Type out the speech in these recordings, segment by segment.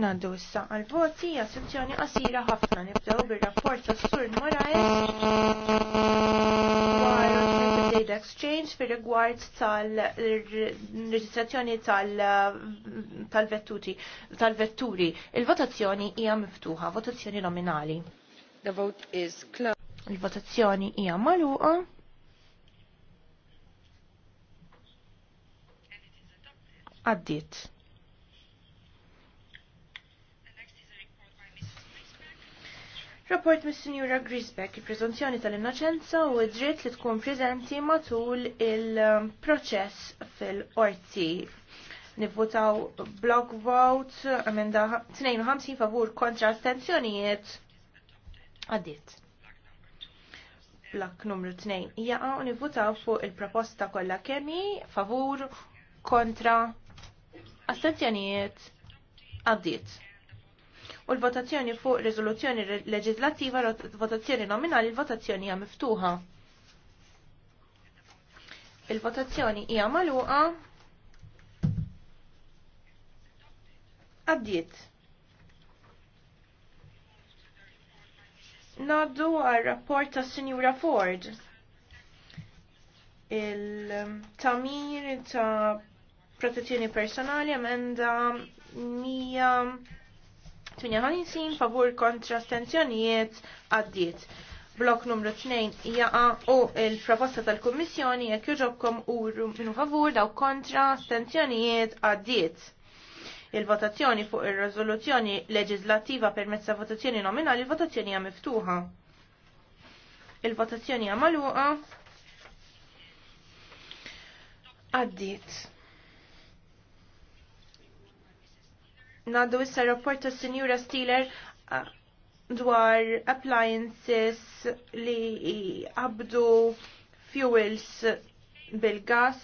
Nandu issa għal-voti, assunzjoni qasira ħafna nibdew bir-rapport għas Sur Moraes Data Exchange fir rigward tal-reġistrazzjoni tal-vetturi. Il-votazzjoni hija miftuħa, votazzjoni nominali. The vote is closed. Il-votazzjoni hija magħluqa. Għaddiet. Rapport mis sinjura Grisbeck, il-prezunzjoni tal-innoċenza u id-dritt li tkun prezenti matul il-proċess fil-orti. Nivvotaw block vote, amenda 52 favur kontra astenzjonijiet. Għaddit. Block numru 2. Jaqa u nivvotaw fuq il-proposta kollha kemi favur kontra astenzjonijiet. Għaddit u l-votazzjoni fuq riżoluzzjoni leġislattiva, votazzjoni nominali, l-votazzjoni hija miftuħa. Il-votazzjoni hija magħluqa. Għaddiet. Naddu għal rapport ta' Sinjura Ford. Il-tamir ta' protezzjoni personali emenda 100 58 favur kontra stenzjonijiet għaddiet. Blok numru 2 jaqa u il-proposta tal-Kummissjoni jekk joġobkom u minu favur daw kontra stenzjonijiet għaddiet. Il-votazzjoni fuq ir-riżoluzzjoni leġislattiva permezz ta' votazzjoni nominali il-votazzjoni hija miftuħa. Il-votazzjoni hija magħluqa għaddiet. Naddu issa rapport ta' Sinjura Stiller dwar appliances li abdu fuels bil-gas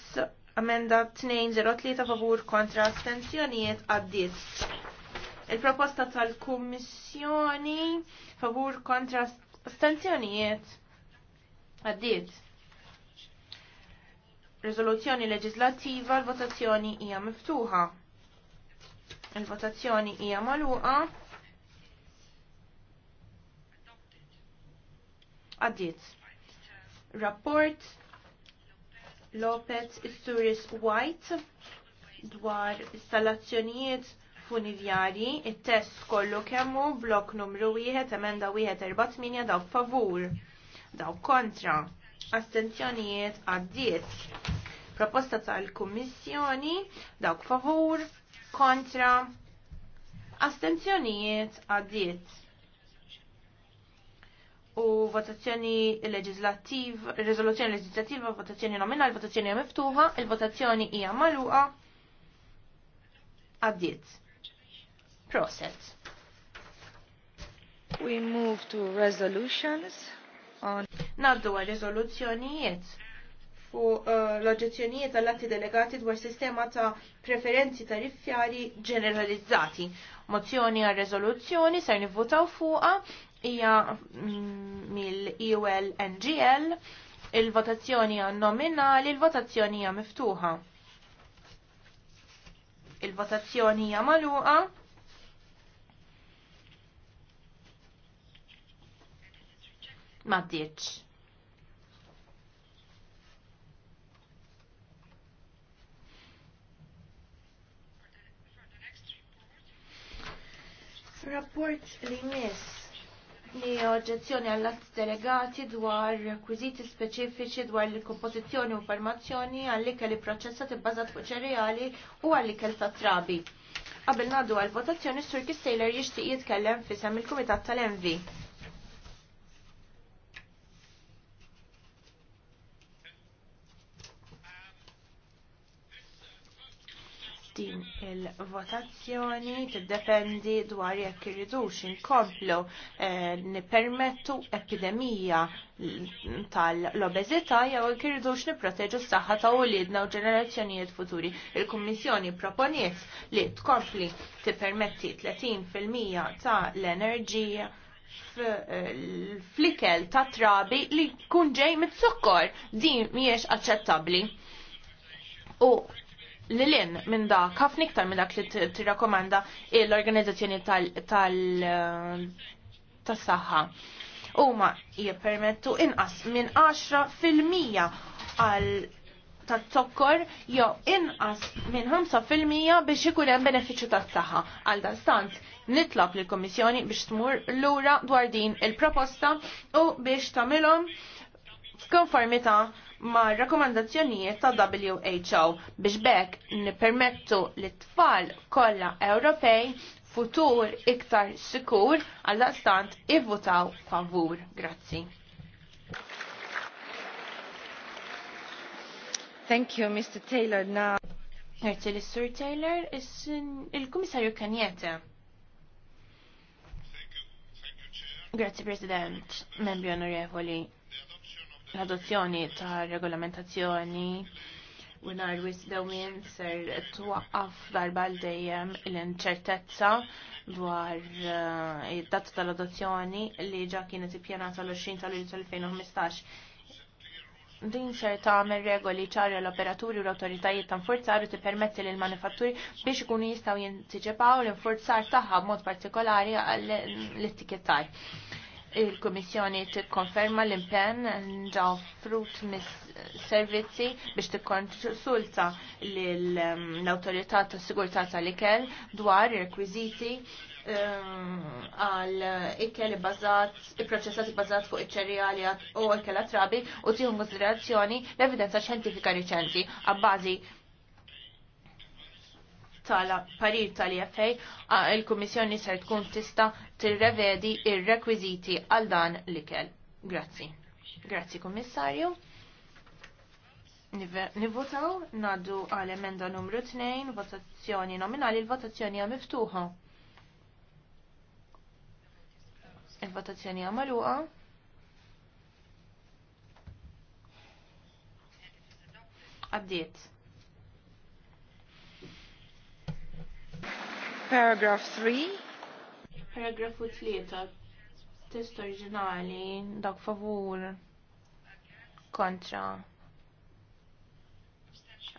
amenda 203 favur kontra astensjonijiet għaddit. Il-proposta tal-Kummissjoni favur kontra astensjonijiet għaddit. Rezoluzzjoni leġislativa l-votazzjoni hija miftuħa. Il-votazzjoni hija magħluqa. Għaddiet. Rapport Lopez Isturis White dwar installazzjonijiet funivjari, it-test kollu kemmu blok numru 1, emenda 148 daw favur, daw kontra, astenzjonijiet għaddiet. Proposta tal-Kummissjoni, dawk favur, kontra astenzjonijiet għaddiet. U votazzjoni leġislativ, rezoluzzjoni leġislativa, votazzjoni nominal, votazzjoni miftuħa, il-votazzjoni hija maluqa għaddiet. Proset. We move to resolutions on Naddu għal rezoluzzjonijiet fuq eh, l oġezzjonijiet tal-atti delegati dwar sistema ta' preferenzi tariffjari ġeneralizzati. Mozzjoni għal rezoluzzjoni ser nivvotaw fuqa hija mm, mill-EUL-NGL, il-votazzjoni għan nominali, il-votazzjoni hija miftuħa. Il-votazzjoni hija maluqa. Ma' ditx. Rapport li nis li oġġezzjoni għall-att delegati dwar rekwiżiti speċifiċi dwar li kompożizzjoni u formazzjoni għall-ikel proċessat tibbażat fuq ċereali u għall-ikel ta' trabi. Qabel ngħaddu għall-votazzjoni, Sur Kistejler jixtieq jitkellem fisem il-Kumitat tal mv din il-votazzjoni tiddependi dwar jekk irridux inkomplu eh, nippermettu epidemija tal-obeżità jew jekk irridux nipproteġu s-saħħa ta' wlidna u ġenerazzjonijiet futuri. Il-Kummissjoni proponiet li tkompli tippermetti 30% ta' l-enerġija fl-ikel ta' trabi li kun ġej mit-sukkor din mhijiex aċċettabbli. U Lilin minn dak, ħafna iktar minn dak li t-rakomanda l-organizzazzjoni tal-saħħa. Huma jippermettu inqas minn 10% għal tat-sokkor jew inqas minn 5% biex ikun hemm benefiċċju tas-saħħa. Għal stant nitlob lill kummissjoni biex tmur lura dwar din il-proposta u biex tagħmilhom f'konformità ma' rakomandazzjonijiet ta' WHO biex bekk nipermettu li tfal kollha Ewropej futur iktar sikur għal stant ivvutaw favur. Grazzi. Thank you, Mr. Taylor. Now... Nerti Taylor, il-Komissarju Kanjeta. Grazie President, membri onorevoli l-adozzjoni ta' regolamentazzjoni u narwis dawmin ser twaqqaf darba l dejjem l-inċertezza dwar eh, id-data tal-adozzjoni li ġa kienet ippjanata l-20 tal-2015. -tal Din ser tagħmel regoli ċarja l-operaturi u l-awtoritajiet ta' nfurzar u tippermetti lil manifatturi biex ikunu jistgħu jintiġipaw l-infurzar tagħha b'mod partikolari għall-ittikettar il-Komissjoni tikkonferma l-impenn ġaw frut mis-servizzi biex tikkonsulta ehm, l-autorità ta' sigurtà tal-ikel dwar rekwiziti ehm, għal ikel bazat, il-proċessati bazat fuq iċ-ċerjali u ikel trabi u tieħu konsiderazzjoni l-evidenza ċentifika riċenti għabbażi tal-parir tal-IFA il-Kummissjoni ser tkun tista' tirrevedi ir-rekwiżiti għal dan l-ikel. Grazzi. Grazzi Kummissarju. Nivvotaw naddu għal emenda numru 2, votazzjoni nominali, il-votazzjoni għam miftuħa. Il-votazzjoni hija magħluqa. Għaddiet. Paragraph 3. Paragrafu 3. Test originali, dak favur kontra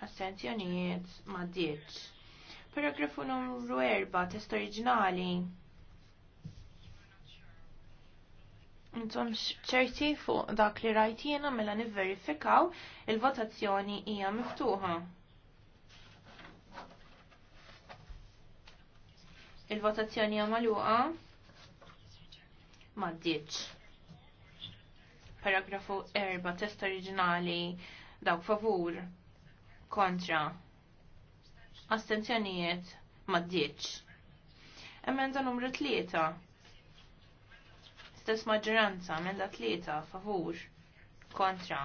assenzjonijiet ma diet. Paragrafu numru 4, test originali. Intom ċerti fuq dak li rajtina mela nivverifikaw il-votazzjoni hija miftuħa. Il-votazzjoni għamaluqa ma ddiċ. Paragrafu 4, test oriġinali, dawk favur, kontra, astenzjonijiet ma ddiċ. Emenda numru 3, stess maġġoranza, emenda 3, favur, kontra,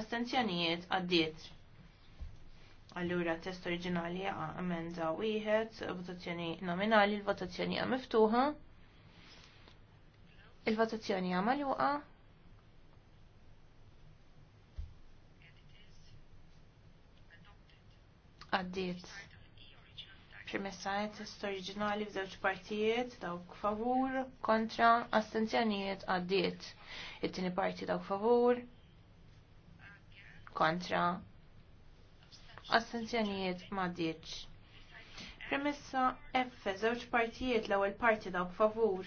astenzjonijiet għaddiet. Allura test oriġinali għa emenda wieħed, votazzjoni nominali, il-votazzjoni għa miftuħa. Il-votazzjoni għa maluqa. Għaddiet. Premessa test oriġinali f'żewġ partijiet dawk favur, kontra, astenzjonijiet għaddit It-tieni parti dawk favur, kontra, Astenzjonijiet ma Premessa F, żewġ partijiet l-ewwel parti dawk favur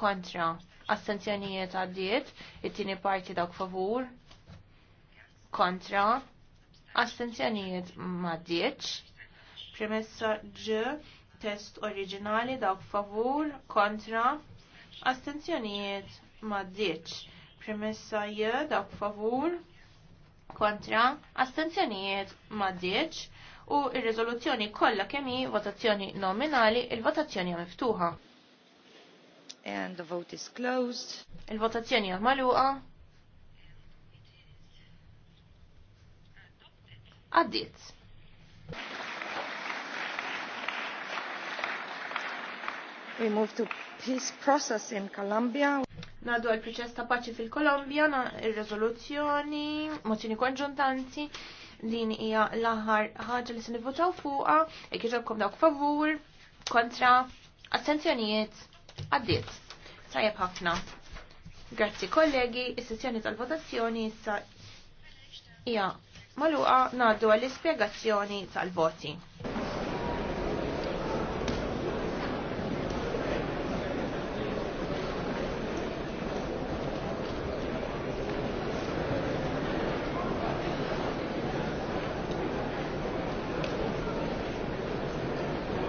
kontra astenzjonijiet għaddiet, it-tieni parti dawk favur kontra assenzjonijiet ma Premessa ġ, test oriġinali dawk favur kontra assenzjonijiet ma Premessa J, dawk favur kontra astenzjonijiet ma dieċ u il-rezoluzzjoni kollha kemm hi votazzjoni nominali il-votazzjoni hija miftuħa. And the vote is closed. Il-votazzjoni hija magħluqa. Għaddiet. We move to peace process in Colombia. Nadu għal proċess ta' paċi fil-Kolombja, il-rezoluzzjoni, mozzjoni konġuntanti, din hija l-aħħar ħaġa li se nivvotaw fuqha, jekk iġobkom dawk favur, kontra, attenzjonijiet, għaddiet. Sajab ħafna. Grazzi kollegi, is-sessjoni tal-votazzjoni issa hija maluqa ngħaddu għall-ispjegazzjoni tal-voti.